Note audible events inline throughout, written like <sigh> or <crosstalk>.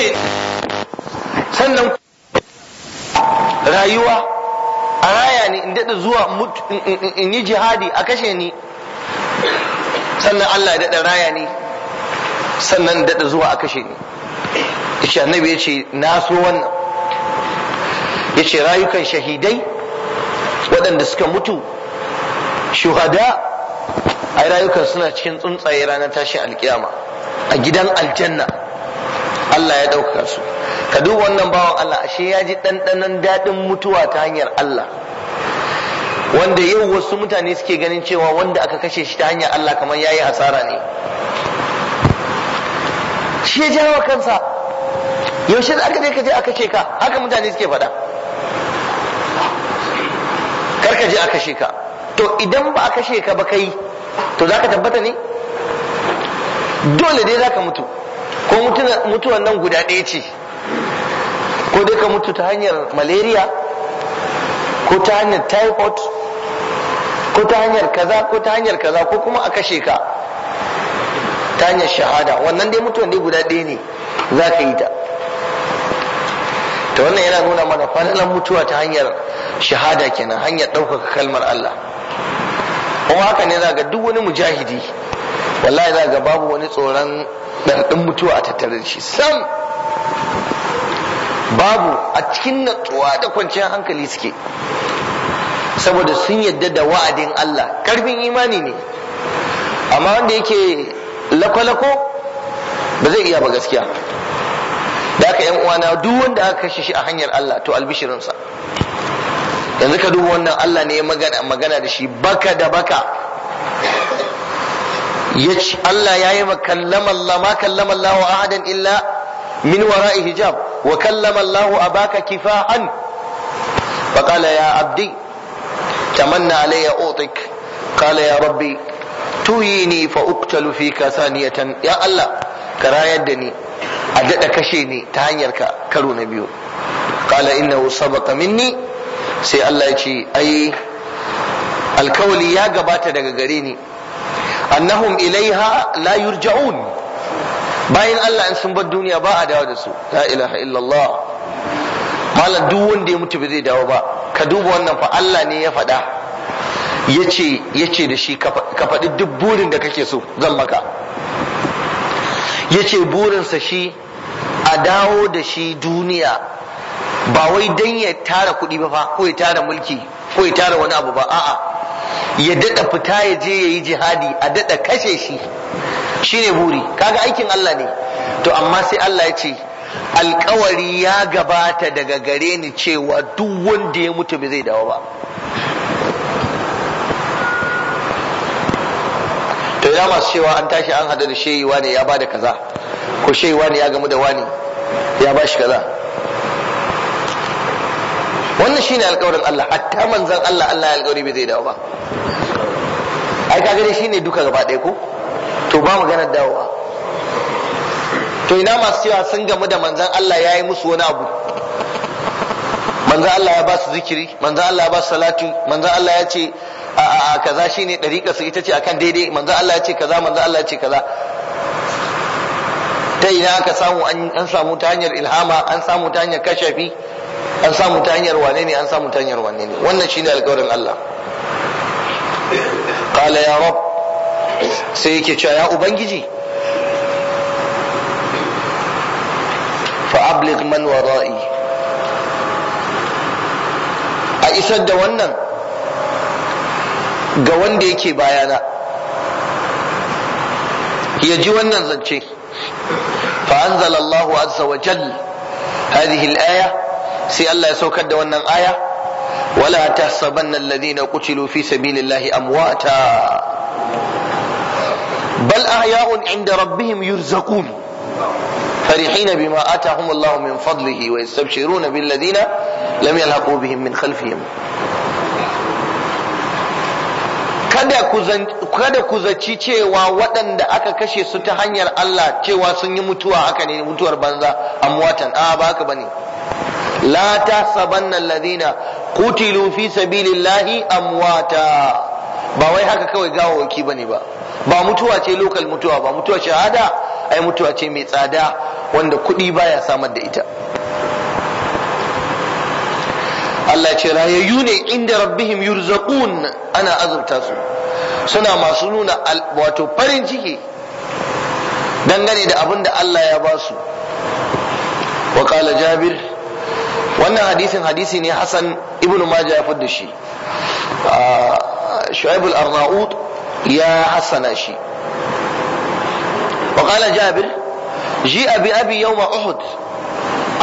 kashe sannan rayuwa a raya ne in daɗa zuwa in yi jihadi a kashe ni sannan Allah ya daɗa raya ne sannan daɗa zuwa a kashe ni yace annabi yace na so wannan yace rayukan shahidai waɗanda suka mutu shuhada ai rayukan suna cikin tsuntsaye ranar tashin alkiyama a gidan aljanna Allah ya ɗaukaka su ka duba wannan bawan Allah ashe ya ji ɗanɗanon daɗin mutuwa ta hanyar Allah wanda yau wasu mutane suke ganin cewa wanda aka kashe shi ta hanyar Allah kamar ya yi asara ne shi ya jawo kansa yaushe da aka je ka je aka kashe ka haka mutane suke faɗa kar ka je aka kashe ka to idan ba a kashe ka ba kai to za ka tabbata ne dole dai za ka mutu ko mutuwan nan guda ɗaya ce ko dai ka mutu ta hanyar malaria ko ta hanyar typhoid ko ta hanyar kaza ko ta hanyar kaza ko kuma a kashe ka ta hanyar shahada wannan dai mutuwan dai guda ɗaya ne za ka yi ta Ta wannan yana nuna mana fadalar mutuwa ta hanyar shahada kenan hanyar ɗaukaka kalmar Allah kuma haka ne za ga duk wani mujahidi wallahi za ga babu wani tsoron ɗanɗin mutuwa a tattare da shi sam babu a cikin natsuwa da kwanciyar hankali suke saboda sun yadda da wa'adin Allah ƙarfin imani ne amma wanda yake lako-lako ba zai iya ba gaskiya da aka yan uwana duk wanda aka kashe shi a hanyar Allah to albishirinsa yanzu ka duba wannan Allah ne magana da shi baka da baka yace Allah yayi ma kallama Allah ma kallama Allah ahadan illa min wara'i hijab wa kallama Allah abaka kifahan fa qala ya abdi tamanna alayya utik qala ya rabbi tuyini fa uqtalu fika saniyatan ya Allah ka da ni a dada kashe ni ta hanyar ka karo na biyu qala innahu sabaqa minni sai Allah ya ce ai alkawali ya gabata daga gare ni annahum ilaiha la yurja'un bayan Allah in sun bar duniya ba a dawo da su la ilaha illallah malam duk wanda ya mutu ba zai dawo ba ka duba wannan fa Allah ne ya faɗa yace yace da shi ka faɗi duk burin da kake so zan maka yace burinsa shi a dawo da shi duniya ba wai dan ya tara kuɗi ba fa ko ya tara mulki ko ya tara wani abu ba a'a ya daɗa fita ya je ya yi jihadi a daɗa kashe shi shi ne buri kaga aikin Allah ne to amma sai Allah ya ce alkawari ya gabata daga gare ni cewa duk wanda ya mutu ba zai dawo ba to ya masu cewa an tashi an hada da shewa ne ya bada kaza ko shewa ne ya gamu da wani ya ba shi kaza wannan shine alƙawarin Allah hatta manzon Allah Allah ya alƙawari bai zai dawo ba ai kaga dai shine duka gaba ɗaya ko to ba maganar dawowa to ina masu cewa sun gamu da manzon Allah ya yi musu wani abu manzon Allah ya ba su zikiri manzon Allah ya ba su salatu manzon Allah ya ce a kaza shine dariƙar su ita ce akan daidai manzon Allah ya ce kaza manzon Allah ya ce kaza ta ina aka samu an samu ta hanyar ilhama an samu ta hanyar kashafi an samu ta hanyar wane ne an samu ta hanyar wane ne wannan ne alƙawarin Allah qala ya rab sai yake cewa ya ubangiji fa man wara'i a isar da wannan ga wanda yake bayana ya ji wannan zance fa anzala Allahu azza wa jalla هذه الآية sai Allah ya saukar da wannan aya wala tahsabanna alladhina qutilu fi sabilillahi amwata bal ahya'un 'inda rabbihim yurzaqun فرحين بما آتاهم الله من فضله ويستبشرون بالذين لم يلحقوا بهم من خلفهم kada ku zaci cewa waɗanda aka kashe su ta hanyar Allah cewa sun yi mutuwa haka ne mutuwar banza amwatan a ba haka bane تحسبن الذين قتلوا في fi sabilillahi amwata ba wai haka kawai gawawaki bane ba ba mutuwa ce lokal mutuwa ba mutuwa shahada ai mutuwa ce mai tsada wanda kuɗi baya samar da ita Allah ce rayayyu ne inda rabbihim yurzaqun ana azurta su suna masu nuna wato farin ciki dangane da abin da Allah ya ba su wa Jabir wannan hadisin hadisi ne hasan ibnu majah ya fadda shi ah, shu'aib al arnaut ya hasana shi wa qala jabir ji abi abi yawma uhud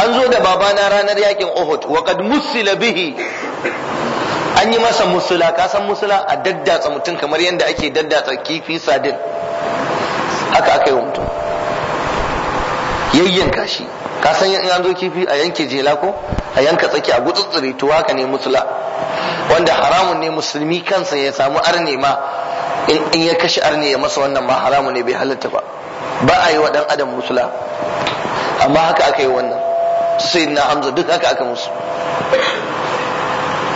an zo da babana ranar yakin uhud wa qad musila bihi an yi masa musula ka san musula a daddatsa mutum kamar yadda ake daddatsa kifi sadin haka aka yi mutum yayyanka shi ka san in an zo kifi a yanke jela ko a yanka tsaki a gutsutsure to haka ne musula wanda haramun ne musulmi kansa ya samu arne ma in ya kashe arne ya masa wannan ma haramun ne bai halatta ba ba a yi wa dan adam musula amma haka aka yi wannan sai na hamza duk haka aka musu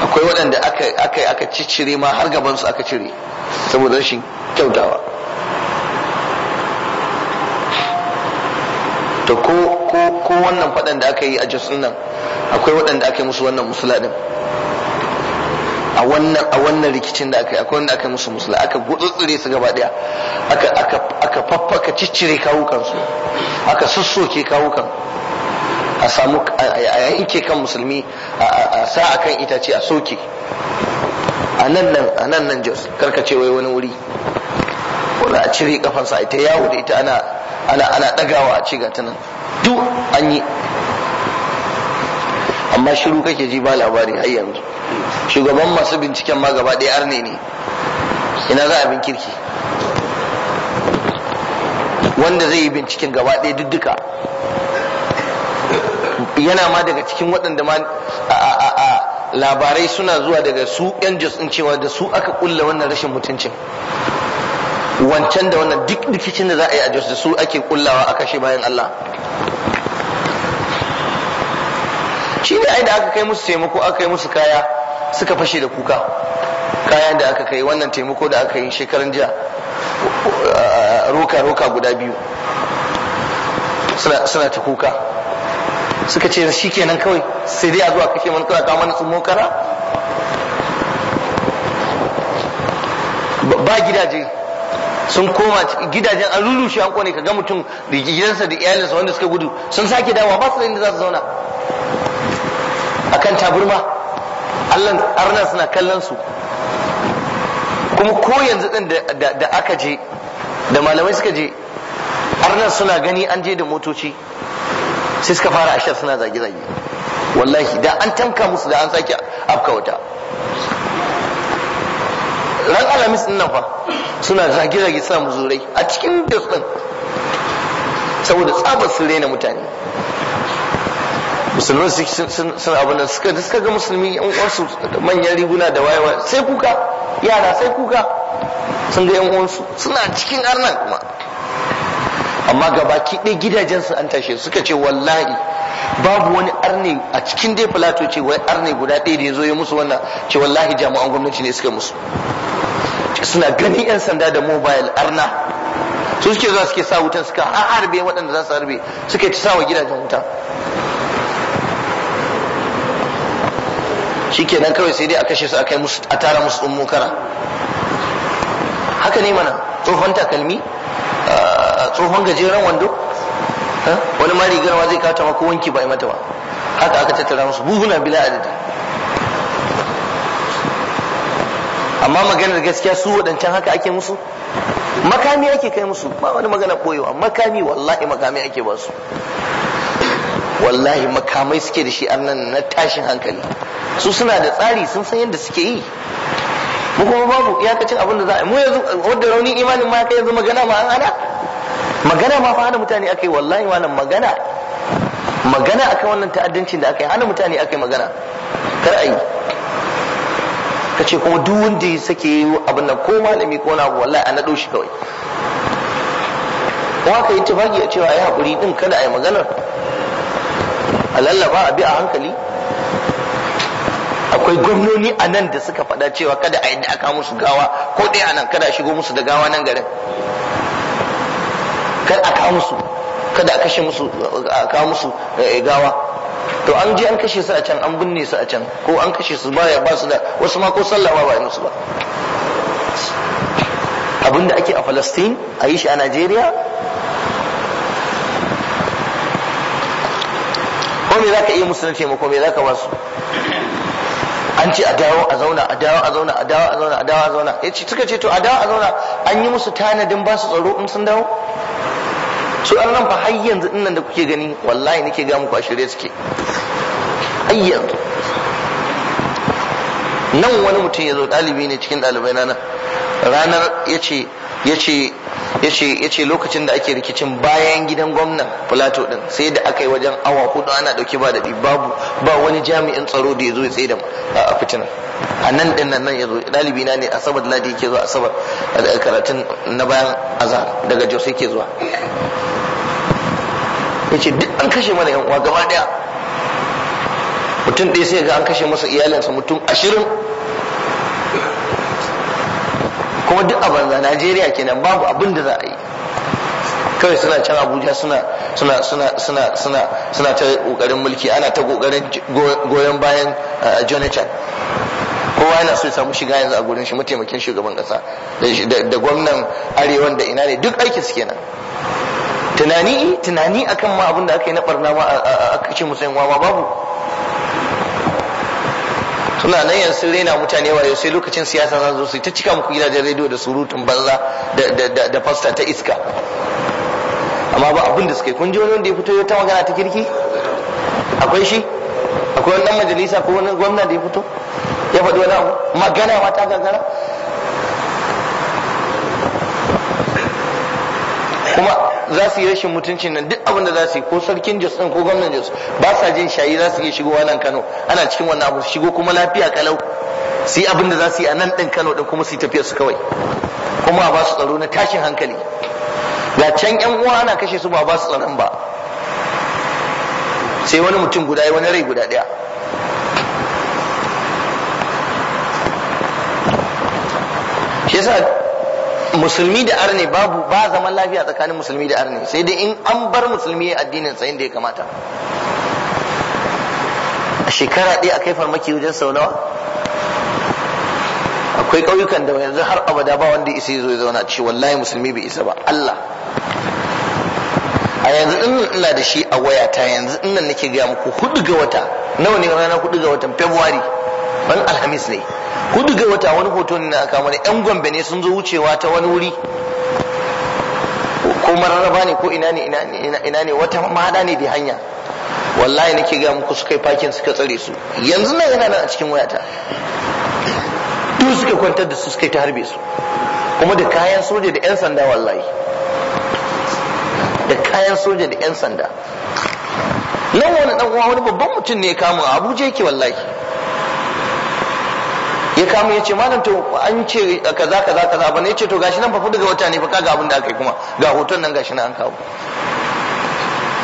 akwai waɗanda aka aka ciccire ma har gaban su aka cire saboda rashin kyautawa to ko ko ko wannan faɗan da aka yi a jisun nan akwai waɗanda aka yi musu wannan musula din a wannan a wannan rikicin da aka yi akwai wanda aka yi musu musula aka gutsutsure su gaba ɗaya aka aka aka faffaka ciccire kawukan su aka sussoke kawukan a samu a yanke kan musulmi a sa a kan itace a soke a nan nan a nan nan jos karkace wai wani wuri Wani a cire kafansa a ita yawo da ita ana ana ana dagawa a ci nan duk an yi amma shiru kake ji ba labari har yanzu shugaban masu binciken ma gaba ɗaya arne ne ina za a bin kirki wanda zai yi binciken gaba ɗaya duk duka yana ma daga cikin waɗanda ma labarai suna zuwa daga su yan jos cewa da su aka kulla wannan rashin mutuncin wancan da wannan duk rikicin da za a yi a jos da su ake kullawa a kashe bayan Allah shi ne ai da aka kai musu taimako aka yi musu kaya suka fashe da kuka kayan da aka kai wannan taimako da aka yi shekaran jiya roka-roka guda biyu suna ta kuka suka ce shi kenan kawai sai dai a zuwa kashe mana kawai kama na tsumo ba gidaje sun koma gidajen an rurushe an kone ka ga mutum da gidansa da iyalinsa wanda suka gudu sun sake dawa ba su da inda za su zauna akan taburma Allah arna suna kallon su kuma ko yanzu din da aka je da malamai suka je arna suna gani an je da motoci sai suka fara ashar suna zage-zage wallahi da an tamka musu da an sake afka wata ran alamis nan fa suna zage-zage sa muzurai a cikin jos din saboda tsabar sun rena mutane musulman sun abin da suka suka ga musulmi yan uwansu manyan riguna da wayewa sai kuka yara sai kuka sun ga yan uwansu suna cikin arnan kuma amma gabaki ɗaya gidajensu an tashe suka ce wallahi babu wani arne a cikin dai filato ce wai arne guda ɗaya da ya zo ya musu wannan ce wallahi jami'an gwamnati ne suka musu suna ganin 'yan sanda da mobile arna su suke zuwa suke sa wutan suka harbe waɗanda za su harbe suke ci sawa gidajen wuta shikenan kawai sai dai a kashe su a kai musu a tara musu tsun mokara haka ne mana tsohon takalmi ah, tsohon gajeren wando wani ma rigar ma zai kata ma ko wanki ba mata ba haka aka tattara musu buhuna bila adadi amma maganar gaskiya su wadancan haka ake musu makami ake kai musu ba wani magana koyewa makami wallahi makami ake ba su wallahi makamai suke da shi annan na tashin hankali su suna da tsari sun san yadda suke yi mu kuma babu iyakacin abin da za a mu yanzu wadda raunin imanin ma kai yanzu magana ma an ana? magana ma fa hana mutane akai wallahi wannan magana magana akan wannan ta'addancin da akai hana mutane akai magana kar yi. ka ce kuma duk wanda ya sake yi abin nan ko malami ko na wallahi a naɗo shi kawai kuma ka yi tafagi a cewa ai hakuri din kada a yi maganar a lallaba a bi a hankali akwai gwamnoni a nan da suka faɗa cewa kada a yi da aka musu gawa ko ɗaya a nan kada a shigo musu da gawa nan garin kar a kawo musu kada a kashe musu a kawo musu eh, gawa to an je an kashe su a can an binne su a can ko an kashe su baya ba su da wasu ma ko sallah ba ba musu ba abinda ake a Falastin a yi shi a Najeriya ko me zaka iya musu na taimako me zaka ba su an ce a dawo a zauna a dawo a zauna a dawo a zauna a dawo a zauna ya ce suka ce to a dawo a zauna an yi musu tanadin ba su tsaro in sun dawo su an nan fa har yanzu nan da kuke gani wallahi nake ga muku a shirye suke har yanzu nan wani mutum ya zo ɗalibi ne cikin dalibai na nan ranar ya ce yace yace lokacin da ake rikicin bayan gidan gwamnan plato din sai da aka yi wajen awa hudu ana dauke ba daɗi babu ba wani jami'in tsaro da ya zo ya tsaye da a fitina. a nan din nan nan ya zo ɗalibi na ne asabar ladi yake zuwa asabar karatun na bayan azhar daga jos yake zuwa yace duk an kashe mana yan uwa gaba daya mutum ɗaya sai ga an kashe masa iyalinsa mutum ashirin kuma duk a banza najeriya kenan babu abin da za a yi kawai suna can abuja suna suna suna suna suna suna ta kokarin mulki ana ta kokarin goyon bayan uh, jonathan kowa yana so ya samu shiga yanzu a gurin shi mataimakin shugaban kasa da gwamnan arewan da ina ne duk aikin su kenan tunani tunani akan ma abin da aka yi na barna ma aka ce yan wawa babu suna nan yanzu raina mutane wayo sai lokacin siyasa za su ta cika muku gidajen rediyo da surutun banza da fasta ta iska amma ba abin da suka yi kun ji wani wanda ya fito ta magana ta kirki akwai shi akwai wani majalisa ko wani gwamna da ya fito ya faɗi wani abu magana ma ta gagara kuma za su yi rashin mutuncin nan duk abin da za su yi ko sarkin jos ɗin ko gwamnan jos ba sa jin shayi za su iya shigowa nan kano ana cikin wannan abu su shigo kuma lafiya kalau su yi abin da za su yi a nan ɗin kano ɗin kuma su yi tafiya su kawai kuma ba su tsaro na tashin hankali ga can yan uwa ana kashe su ba ba su tsaron ba sai wani mutum guda wani rai guda ɗaya shi yasa musulmi da arne babu ba zaman lafiya tsakanin musulmi da arne sai dai in an bar musulmi addinin sa inda ya kamata a shekara ɗaya akai farmaki wajen sau nawa akwai ƙauyukan da yanzu har abada ba wanda isa zo ya zauna ce wallahi musulmi bai isa ba Allah a yanzu in ina da shi a wayata yanzu in nan nake gaya muku hudu ga wata nawa ne rana hudu ga watan february ban alhamis ne hudu ga wata wani hoto ne na kama da yan gombe ne sun zo wucewa ta wani wuri ko mararraba ne ko ina ne ina ne wata mahada ne da hanya wallahi nake ga muku suka yi fakin suka tsare su yanzu nan yana nan a cikin wayata duk suka kwantar da su suka yi ta harbe su kuma da kayan soja da yan sanda wallahi da kayan soja da yan sanda nan wani dan uwa wani babban mutum ne ya kama abuja yake wallahi ya kama ya ce malam to an ce kaza kaza kaza ba ne ya ce to gashi nan fa fudu ga wata ne fa kaga abin da aka yi kuma ga hoton nan gashi nan an kawo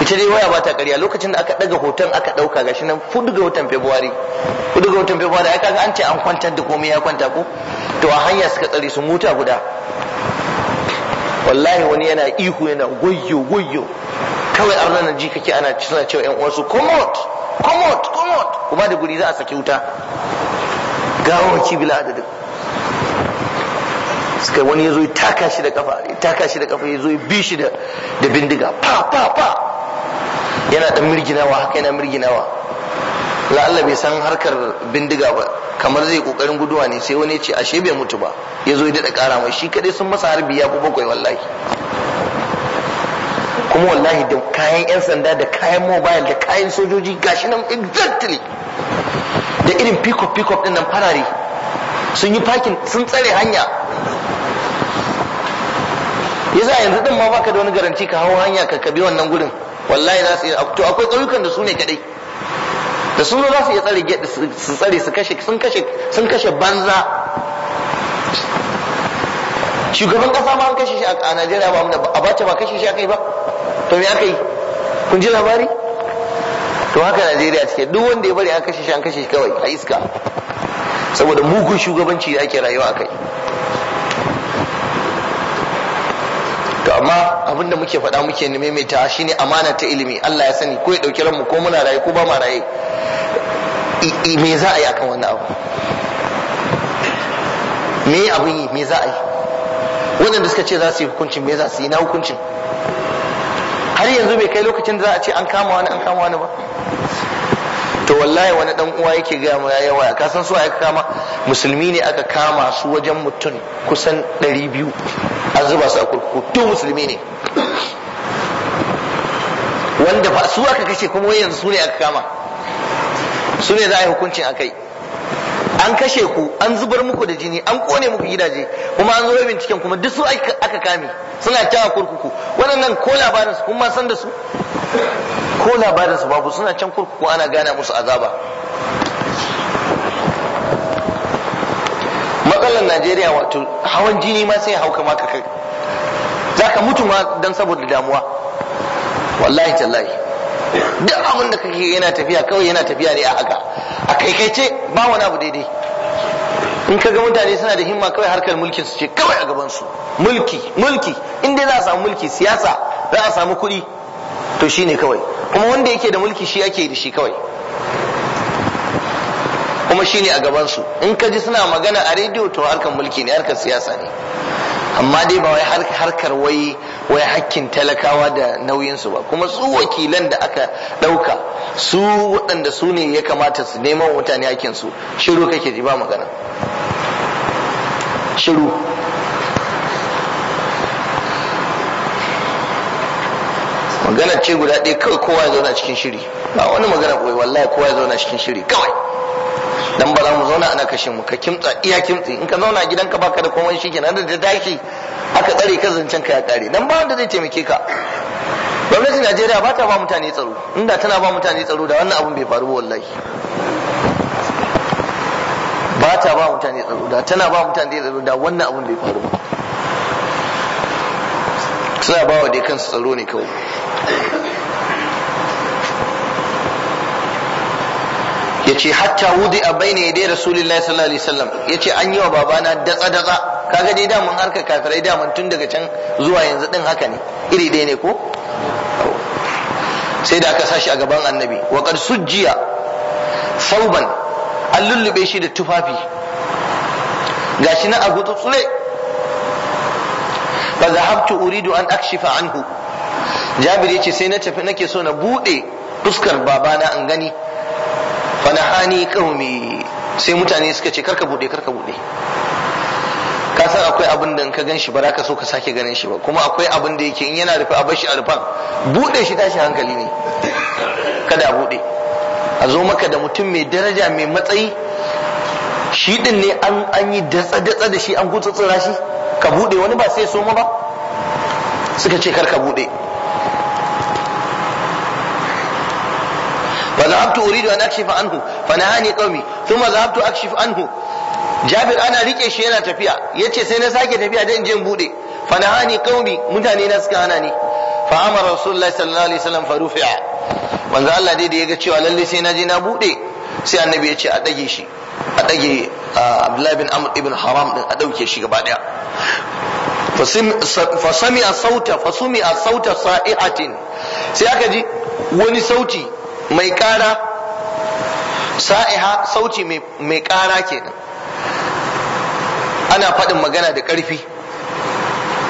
ita dai waya ba ta ƙarya lokacin da aka ɗaga hoton aka ɗauka gashi nan fudu ga watan february fudu ga watan february ai kaga an ce an kwantar da komai ya kwanta ko to a hanya suka tsare su mota guda wallahi wani yana ihu yana goyo goyo kawai a ranar ji kake ana suna cewa yan uwansu come out come out come out kuma da guri za a saki wuta gawawaki bila adadin suka wani ya zo ya taka shi da kafa ya taka shi da kafa ya zo ya bi shi da bindiga pa pa pa yana dan mirginawa haka yana mirginawa la'alla bai san harkar bindiga ba kamar zai kokarin guduwa ne sai wani ya ce ashe bai mutu ba ya zo ya daɗa ƙara mai shi kadai sun masa harbi ya fi bakwai wallahi kuma wallahi da kayan 'yan sanda da kayan mobile da kayan sojoji gashi nan exactly da irin pickup pickup din nan farare sun yi parking sun tsare hanya yasa yanzu din ma baka da wani garanti ka hau hanya ka kabi wannan gurin wallahi za su yi to akwai ƙauyukan da su ne kadai da sun za su iya tsare su tsare su kashe sun kashe sun kashe banza shugaban kasa ma an kashe shi a Najeriya ba a bace ba kashe shi aka yi ba to me aka yi kun ji labari to haka najeriya cike duk wanda ya bari an kashe shi an kashe shi kawai a iska saboda mugun shugabanci da ake rayuwa a kai to amma abinda muke faɗa muke maimaita shine amana ta ilimi Allah ya sani ko ya ɗauki ranmu ko muna raye ko ba ma raye me za a yi akan wannan abu me abin yi me za a yi da suka ce za su yi hukuncin me za su yi na hukuncin har yanzu bai kai lokacin da za a ce an kama wani an kama wani ba to wallahi wani dan uwa yake ga mu yayi waya ka san su aka kama musulmi ne aka kama su wajen mutum kusan 200 an zuba su a kurkuku to musulmi ne wanda ba su aka kashe kuma yanzu su ne aka kama su ne za a yi hukuncin akai an kashe ku an zubar muku da jini an kone muku gidaje kuma an zo binciken kuma duk su aka kame suna can a kurkuku waɗannan ko labarin su kuma san da su ko labarin su babu suna can kurkuku ana gana musu azaba matsalar najeriya wato hawan jini ma sai hauka maka kai za ka mutu ma don saboda damuwa wallahi tallahi duk abin da kake yana tafiya kawai yana tafiya ne a haka a kaikaice ba wani abu daidai in ka ga mutane suna da himma kawai harkar mulkin su ce kawai a gaban su mulki mulki in dai za a samu mulki siyasa za a samu kuɗi to shine kawai kuma wanda yake da mulki shi ake da shi kawai kuma shine a gaban su in ka ji suna magana a rediyo to harkar mulki ne harkar siyasa ne amma dai ba wai harkar wai wai hakkin talakawa da nauyinsu ba kuma su wakilan da aka ɗauka su waɗanda su ne ya kamata su neman mutane hakkinsu shiru kake ji ba magana shiru magana ce guda ɗaya kawai kowa ya zauna cikin shiri ba wani magana kawai wallahi kowa ya zauna cikin shiri kawai dan ba za mu zauna ana kashe mu ka kimtsa iya kimtsi in ka zauna a gidanka baka da komai shi kenan da tashi aka tsare ka zancen ka ya kare dan ba wanda zai taimake ka gwamnatin Najeriya ba ta ba mutane tsaro inda tana ba mutane tsaro da wannan abun bai faru wallahi ba ta ba mutane tsaro da tana ba mutane tsaro da wannan abun bai faru ba suna ba wa dai kansu tsaro ne kawai yace hatta wudi a bayna dai rasulullahi sallallahu alaihi wasallam yace an yi wa babana datsa datsa kaga dai damun harka kafirai damun tun daga can zuwa yanzu din haka ne iri ɗaya ne ko sai da aka sashi a gaban annabi wa qad sujjiya sauban an lullube shi da tufafi gashi na abu tsule fa zahabtu uridu an akshifa anhu jabir yace sai na tafi nake so na bude fuskar babana an gani fanahani qaumi sai mutane suka ce karka bude karka bude ka san akwai abin da in ka gan shi ba za ka so ka sake ganin shi ba kuma akwai abin da yake in yana rufe a bashi a rufan bude shi tashi hankali ne kada a bude a zo maka da mutum mai daraja mai matsayi shi din ne an yi datsa-datsa da shi an gutsutsura shi ka bude wani ba sai soma ba suka ce kar bude فذهبت اريد an اكشف عنه فنهاني قومي ثم ذهبت اكشف anhu. jabir ana rike shi yana tafiya yace sai na sake tafiya dan je in bude fa nahani qaumi mutane na suka hana ni fa amara rasulullahi sallallahu alaihi wasallam fa rufi'a manzo Allah dai da yaga cewa lalle sai na je na bude sai annabi yace a dage shi a dage Abdullah bin Amr ibn Haram din a dauke shi gaba daya fa sami'a sauta fa sumi'a sauta sa'i'atin sai aka ji wani sauti mai ƙara sa'iha sauti mai ƙara kenan ana faɗin magana da ƙarfi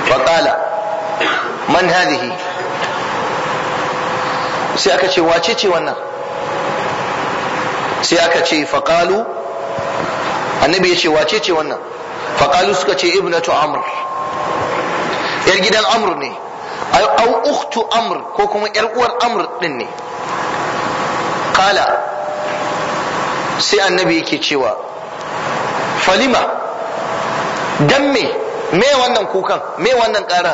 faƙala man hadhihi sai aka ce wace ce wannan sai aka ce faƙalu annabi ya ce wace ce wannan faƙalu suka ce ibnatu amr yar gidan amr ne au ukhtu amr ko kuma yar uwar amr din ne qala sai annabi yake cewa falima dan me me wannan kukan me wannan ƙara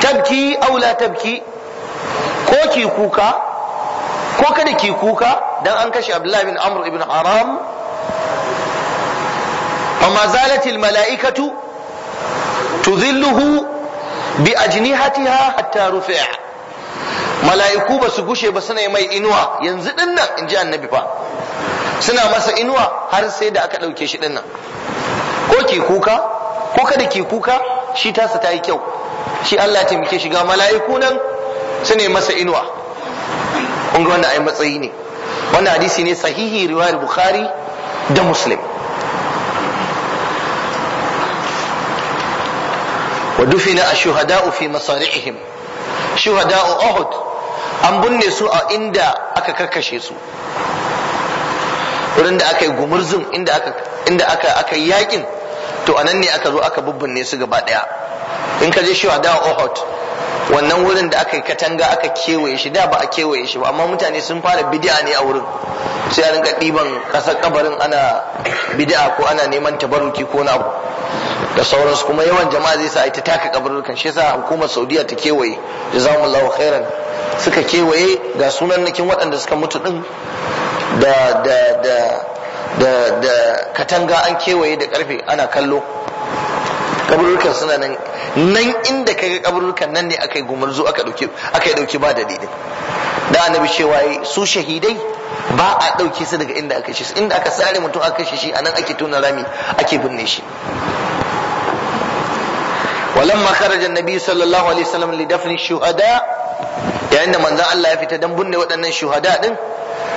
tabki aula tabki ko ki kuka ko kada ki kuka dan an kashe abdullahi bin amr ibn haram amma zalatil mala'ikatu tudhilluhu bi ajnihatiha hatta rufi'a mala'iku ba su gushe ba suna mai inuwa yanzu dinnan in ji annabi fa suna masa inuwa har sai da aka ɗauke shi dinnan ko ke kuka ko kada ke kuka shi tasa ta yi kyau shi Allah ya taimake shi ga mala'iku nan su ne masa inuwa kun ga wannan ai matsayi ne wannan hadisi ne sahihi riwayar bukhari da muslim ودفن الشهداء fi مصارعهم شهداء uhud an binne su a inda aka karkashe su wurin da aka yi gumurzun inda aka yi yakin to anan ne aka zo aka bubbinne su gaba daya in ka je shiwa dawa Ohot wannan wurin da aka yi katanga aka kewaye shi da ba a kewaye shi ba amma mutane sun fara bidi'a ne a wurin sai a rinka ɗiban ƙasar kabarin ana bid'a ko ana neman tabaruki ko na abu da sauransu kuma yawan jama'a zai sa a ta taka kabarurkan shi yasa hukumar saudiya ta kewaye jazakumullahu khairan suka kewaye ga sunannakin waɗanda suka mutu ɗin da da da da da katanga an kewaye da karfe ana kallo kaburukan suna nan nan inda ga kaburukan nan ne aka yi gumurzu aka yi dauki ba dalilin da annabi cewa su shahidai ba a dauke su daga inda aka shi inda aka sare mutum aka kashe shi anan ake tona rami ake binne shi walamma kharaja annabi sallallahu alaihi wasallam li dafni shuhada yayin da manzon Allah ya fita dan bunne waɗannan shuhada din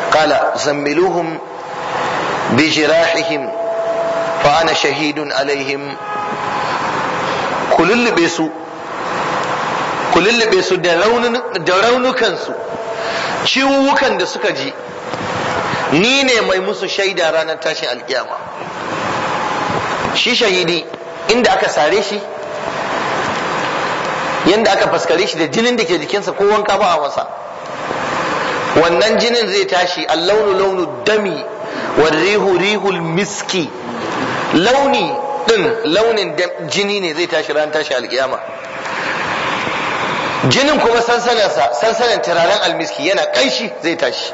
qala zammiluhum bi jirahihim fa ana shahidun alaihim kulullube su kulullube su da raunukansu. su ciwukan da suka ji ni ne mai musu shaida ranar tashin alkiyama shi shahidi inda aka sare shi yanda aka faskare shi da jinin da ke jikinsa ko wanka ba a masa wannan jinin zai tashi a launu dami wa rihu rihul miski launi din launin jini ne zai tashi ran tashi alkiyama jinin kuma sansanansa sansanan turaren almiski yana kanshi zai tashi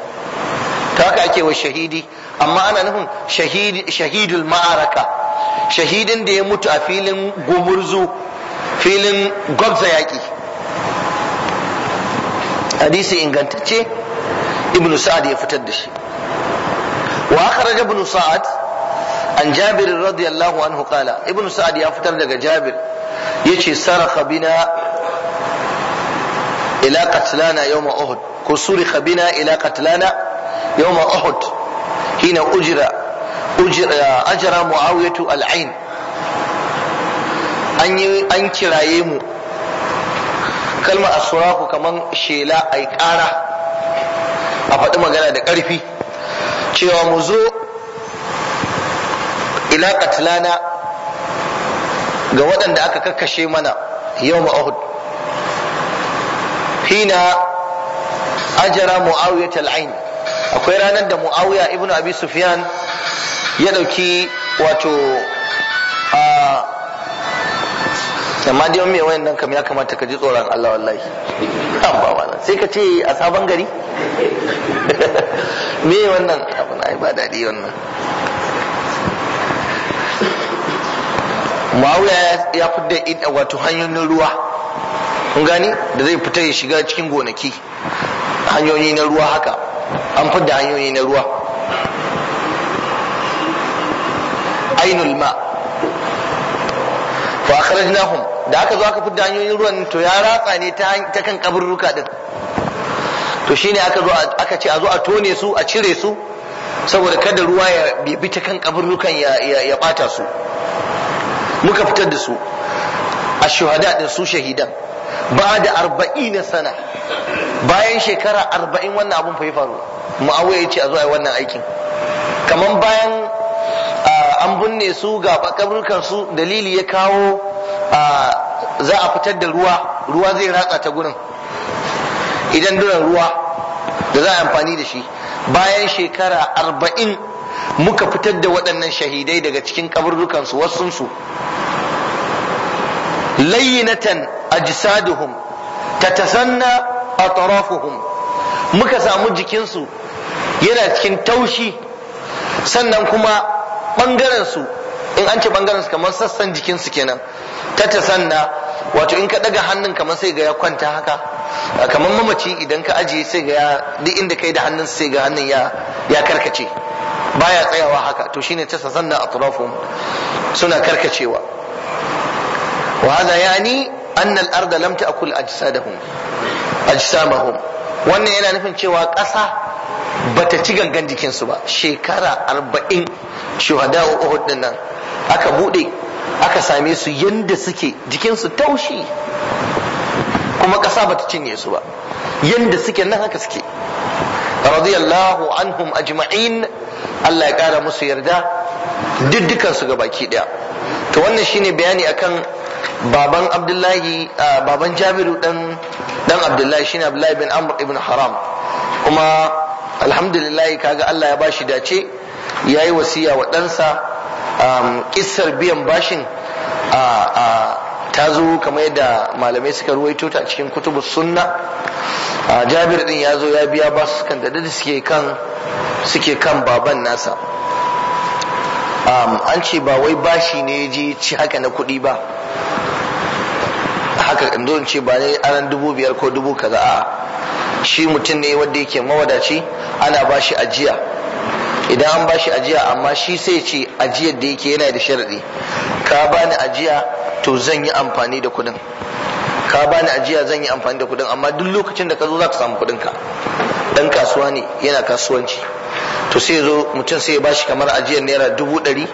ta haka ake wa shahidi amma ana nufin shahidul ma'araka shahidin da ya mutu a filin gumurzu filin gwabza yaƙi hadisi ingantacce ibnu sa'ad ya fitar da shi wa raja ibnu sa'ad an jabir radiyallahu anhu kala ibnu sa'ad ya fitar daga jabir Ya ce saraka bina ila qatlana yau uhud ko surika bina ila qatlana yau uhud hina ujira ujra ajra muawiyah al'ain. an yi an kiraye mu kalma suraku kaman shela ai ƙara a faɗi magana da ƙarfi cewa mu zo ila katlana ga waɗanda aka kakkashe mana yau ma'ahud hina ajara mu'awiyar tal'ain akwai ranar da mu'awiya ibn abi sufyan ya ɗauki wato a amma dai mai wayan nan kam ya kamata ka ji tsoron Allah wallahi kan ba wala sai ka ce a sabon gari <laughs> me wannan abu na ba daɗi wannan Muawiya ya fidda wato hanyoyin ruwa kun gani da zai fita ya shiga cikin gonaki hanyoyi na ruwa haka an fidda hanyoyi na ruwa ainul ma fa akhrajnahum da aka zo aka da hanyoyin ruwan to ya ratsa ne ta kan kaburruka din to shine aka zo aka ce a zo a tone su a cire su saboda kada ruwa ya bi ta kan kaburrukan ya bata su muka fitar da su a shuhada din su shahidan ba da na sana bayan shekara arba'in wannan abun fa faru ma'awiya ya ce a zo a yi wannan aikin kamar bayan an binne su ga kaburkan su dalili ya kawo za a fitar da ruwa ruwa zai ratsa ta gurin idan duran ruwa da za a amfani da shi bayan shekara arba'in muka fitar da waɗannan shahidai daga cikin kaburrukansu wasunsu layyinatan ajsaduhum tatasanna atrafuhum muka samu jikinsu yana cikin taushi sannan kuma ɓangarensu in an ce ɓangarensu kamar sassan jikinsu kenan ta wato in ka daga hannun kamar sai ga ya kwanta haka kamar mamaci idan ka ajiye sai ga duk inda kai da hannun sai ga hannun ya ya karkace baya tsayawa haka to shine ta sanna atrafum suna karkacewa wa hada yani anna al-ardh lam ta'kul ajsadahum ajsamahum wannan yana nufin cewa ƙasa bata ci gangan jikinsu ba shekara arba'in shuhada uhud din aka buɗe. aka same su yadda suke jikinsu taushi kuma ƙasa bata cinye su ba yadda suke nan haka suke radiyallahu anhum ajma'in Allah ya ƙara musu yarda diddikan su ga baki ɗaya to wannan shine bayani akan baban abdullahi baban jabiru dan dan abdullahi shine abdullahi bin amr ibn haram kuma alhamdulillah kaga Allah ya bashi dace yayi wasiya wa ɗansa Um, kissar biyan bashin ta zo kamar yadda malamai suka ruwaito ta cikin kutubus sunna jabir din ya zo ya biya su kan da suke kan suke baban nasa um, an ce ba wai bashi ne ya je ci haka na kuɗi ba haka in ce ba ne an dubu biyar ko dubu kaza a shi mutum ne wanda yake mawadaci ana bashi ajiya idan an bashi ajiya amma shi sai ce ajiyar da yake yana da sharaɗi ka bani ajiya to zan yi amfani da kuɗin ka bani ajiya zan yi amfani da kuɗin amma duk lokacin da ka zo za ka samu kuɗin ka dan kasuwa ne yana kasuwanci to sai zo mutum sai ya bashi kamar ajiyar naira dubu ɗari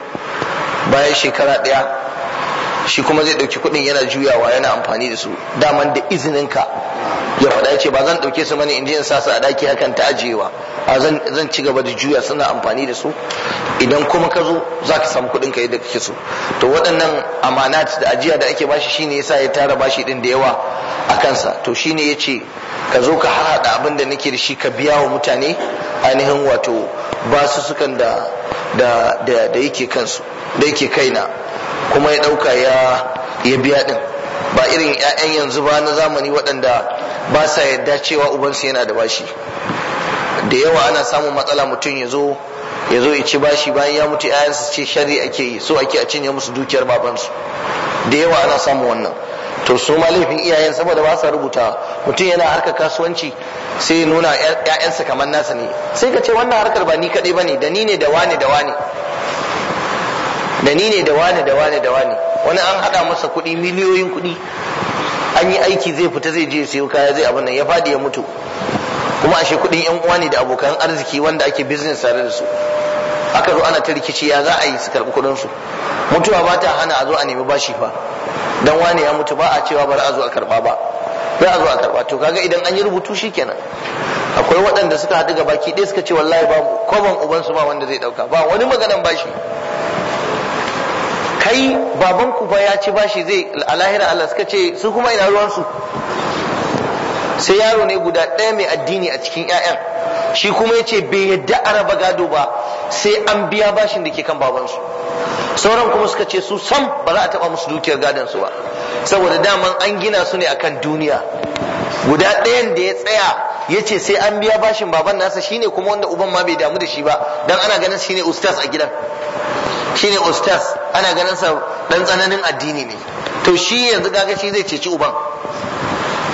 bayan shekara ɗaya shi kuma zai ɗauki kuɗin yana juyawa yana amfani da su daman da izinin ka ya faɗa ce ba zan dauke su mani injin sa su a daki hakan ta ajiyewa a zan ci gaba da juya suna amfani da su idan kuma ka zo zaka samu kuɗin ka yadda kake so to waɗannan amanat da ajiya da ake bashi shine yasa ya tara bashi din da yawa a kansa to shine ya ce ka zo ka harhaɗa abin da nake da shi ka biya wa mutane ainihin wato basu sukan da da da yake kansu da yake kaina kuma ya ɗauka ya biya ɗin ba irin 'ya'yan yanzu ba na zamani waɗanda ba sa yadda cewa ubansu yana da bashi da yawa ana samun matsala mutum ya zo ya zo ya ci bashi bayan ya mutu 'ya'yansu ce shari ake yi so ake a cinye musu dukiyar babansu da yawa ana samun wannan to su ma laifin iyayen saboda ba sa rubuta mutum yana harkar kasuwanci sai nuna 'ya'yansa kamar nasa ne sai ka ce wannan harkar ba ni kaɗai ba ne da ni ne da wane da wane da ni ne da wane da wane da wane wani an hada masa kuɗi miliyoyin kuɗi an yi aiki zai fita zai je sayo kaya zai abin nan ya fadi ya mutu kuma ashe kuɗin yan uwa ne da abokan arziki wanda ake business tare da su aka zo ana ta rikici ya za a yi su karɓi kuɗin su mutuwa ba ta hana a zo a nemi bashi fa dan wane ya mutu ba a cewa bari a zo a karɓa ba za a zo a karɓa to kaga idan an yi rubutu shikenan akwai waɗanda suka haɗu ga baki ɗaya suka ce wallahi ba kwaban ubansu ba wanda zai ɗauka ba wani maganan bashi kai babanku ba ya ci ba shi zai alahira Allah suka ce su kuma ina ruwansu sai yaro ne guda ɗaya mai addini a cikin 'ya'yan shi kuma ya ce bai yadda araba gado ba sai an biya bashin da ke kan babansu sauran kuma suka ce su sam ba za a taba musu dukiyar gadon su ba saboda daman an gina su ne akan duniya guda ɗayan da ya tsaya ya ce sai an biya bashin baban nasa shine kuma wanda uban ma bai damu da shi ba dan ana ganin shine ustaz a gidan shine ustaz ana ganin sa dan tsananin addini ne to shi yanzu kaga shi zai ceci uban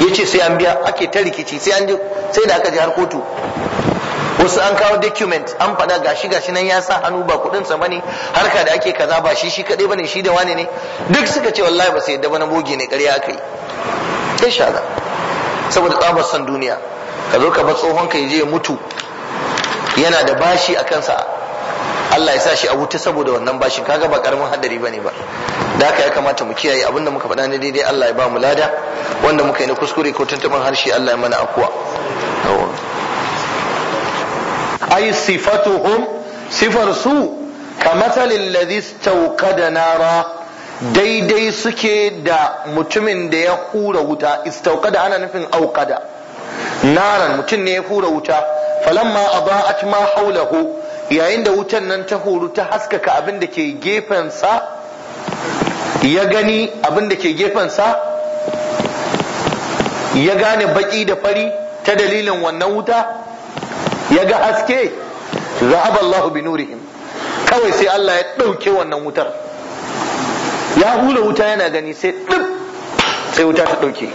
yace sai an biya ake ta rikici sai an sai da aka je har kotu wasu an kawo document an faɗa gashi gashi nan ya sa hannu ba kuɗin sa bane harka da ake kaza ba shi shi kadai bane shi da wani ne duk suka ce wallahi ba sai da ba na boge ne ƙarya aka yi insha Allah saboda tsabar san duniya ka zo ka bar tsohon ka je ya mutu yana da bashi a kansa Allah ya sa shi a wuta saboda wannan bashin kaga ba karamin hadari bane ba da haka ya kamata mu kiyaye abinda muka faɗa ne daidai Allah ya ba mu lada wanda muka yi na kuskure ko tantaban harshe Allah ya mana akuwa ay sifatuhum sifar su kamatal ladhi istawqada nara daidai suke da mutumin da ya hura wuta istawqada ana nufin auqada naran mutum ne ya hura wuta falamma aba'at ma haulahu yayin da wutan nan ta horu ta haskaka abin da ke gefensa ya gani abin da ke gefensa ya gane baki da fari ta dalilin wannan wuta ya ga haske zahab Allahu bi nurihim kawai sai Allah ya ɗauke wannan wutar ya hula wuta yana gani sai ɗin sai wuta ta ɗauke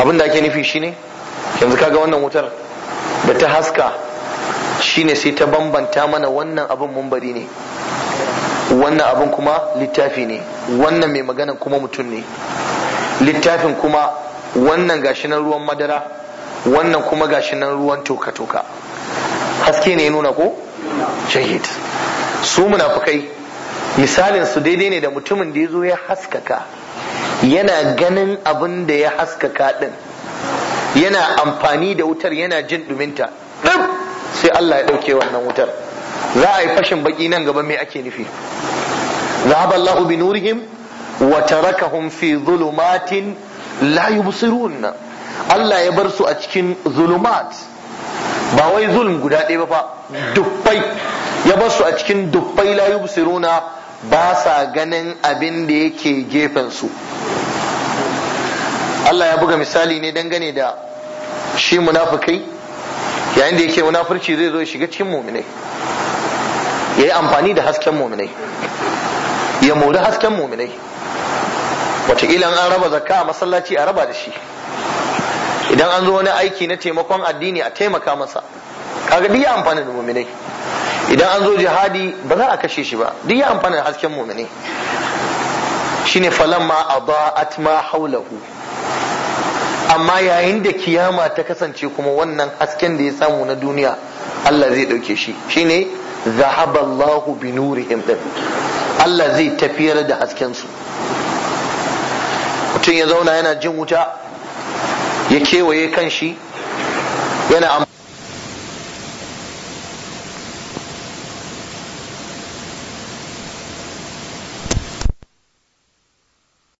abin da ake nufi shine yanzu kaga wannan wutar da ta haska shine sai ta bambanta mana wannan abin mumbari ne wannan abin kuma littafi ne wannan mai magana kuma mutum ne littafin kuma wannan gashi nan ruwan madara wannan kuma gashi nan ruwan toka-toka haske ne nuna ko shahid su munafukai misalin su daidai ne da mutumin da ya zo ya haskaka yana ganin abin da ya haskaka din yana amfani da wutar yana jin duminta ɗin sai Allah ya ɗauke wannan wutar za a yi fashin baki nan gaba me ake nufi zahaba Allah bi nurihim wa tarakahum fi zulumatin la yubsirun Allah ya bar su a cikin zulumat ba wai zulm guda ɗaya ba fa dubbai ya bar su a cikin dubbai la yubsiruna ba sa ganin abin da yake gefen su Allah ya buga misali ne dangane da shi munafikai yayin da yake munafurci zai zo shiga cikin muminai ya yi amfani da hasken muminai ya mori hasken muminai wataƙila an raba zakka a masallaci a raba da shi idan an zo wani aiki na taimakon addini a taimaka masa kaga duk ya amfana da muminai idan an zo jihadi ba za a kashe shi ba duk ya amfana da hasken muminai shine falamma adha'at Atma haulahu amma yayin da kiyama ta kasance kuma wannan hasken da ya samu na duniya Allah zai ɗauke shi shine zahaballahu bi nurihim din Allah zai tafiyar da hasken su mutum ya zauna yana jin wuta ya kewaye kan shi yana